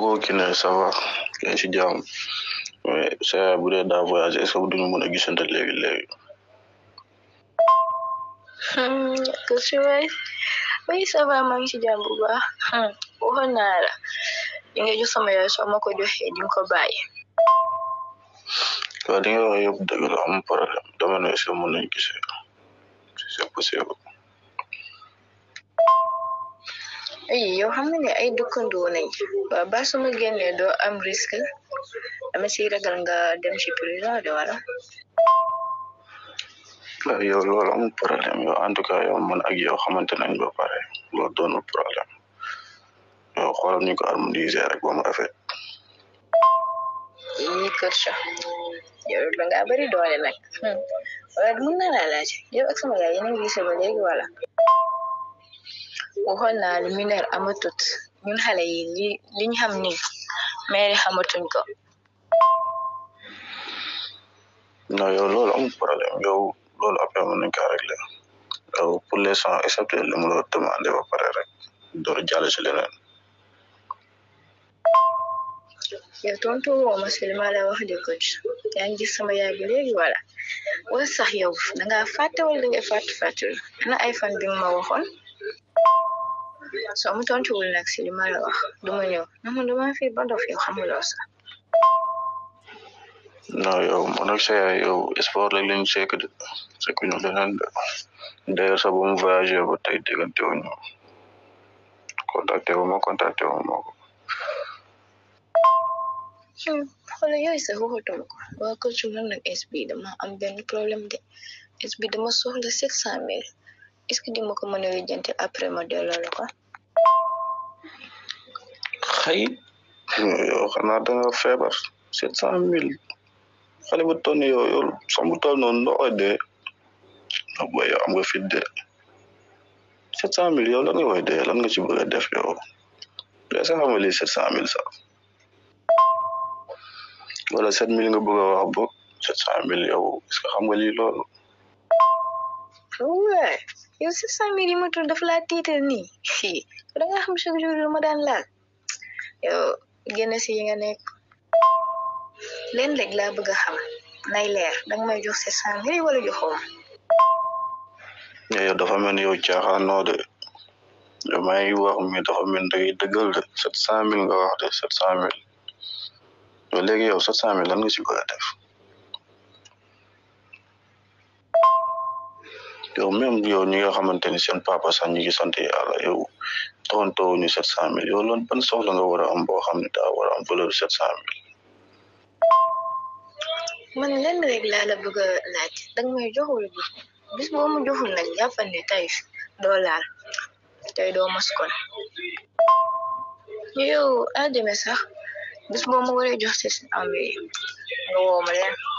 kooku kii na ça va ngeen si jàmm mais sa yaay bu dee daa voyagé est ce que duñu mën a gisante léegi léegi. kooku hmm, waay oui ça va maa ngi si jàmm bu baax hmm, waxoon naa la li nga jox sama yaay soo ma ko joxee di nga ko bàyyi. waaw eyi yow xam nga ne ay dëkkandoo nañ ba ba su ma génnee doo am risque dama siy ragal nga dem uh, ci prison de wala yow loolu am problème yow en tout cas yow man ak yow xamante nañ ba pare loolu doonul problème yow xoolal ñu ko harmoniser rek ba mu rafet yi kër sa yow da ngaa bëri doole nag wala mën na laa laaj yow ak sama gars yéen ngi ngi ba léegi wala waxoon naa lu mineur amatut ñun xale yi liñ xam ni maire xamatuñ ko non yow loolu amul problème yow loolu après mën nañ kaa réglé yow pour les gens excepté li mu demandé ba pare rek door jàll si leneen yow tontu woo ma si la wax de coach yaa ngi gis sama yaay bi léegi wala wala sax yow da ngaa fàtte wala da ngay fàtte fàttul ana ay fan ma waxoon soo mu tontuwul nag si li ma la wax du ma ñëw na fi ba dof yow sax non yow man ak sa yaay yow sport rek lañ sekk de sekkuñu hmm, leneen de d'ailleurs ba mu voyagé ba tey déggante wuñu contacté wu ma contacté wu ma ko xoolal yooyu sax waxatuma ko waa kër su lan nag SB dama am benn problème de SB dama soxla sept cent mille est que di ma ko mën a après ma delloo la xëy yow xanaa da nga feebar sept cent mille xale bu toll yow yow sombu toll de a ah boy yow am nga fit de sept cent mille yow lan nga koy dee lan a def yow dee sax xamali sept cent mille sax wala sept mille nga bëgg a wax bo sept cent mille yow est-ce xam nga lii loolu yow sept cent mille yi ma tudd daf laa tiital nii da nga xam chaque jour ma daan laal yow génn si yi nga nekk leen léeg laa bëgg a xam nay leer danga may jox sept san mille wala joxoom yow dafa mel ni yow caaxaanoo de damay wax mi dafa mel day dëggal de sept cent mil nga wax de sept cent mille léegi yow sept cent mille lan nga si bëgg a def yow même yow ñi nga xamante ni seen papa sax ñu ngi sant yow tontoo ñu sept cent mille yow loolu ban soxla nga war a xam ne daa war a am valeur sept man lenn rek laa la bëgg a laaj danga may jox bis boo ma joxul nag jàppal ne tey doo laal tey doo mos kon yow àddina sax bis boo ma waree jox sept cent mille nga woo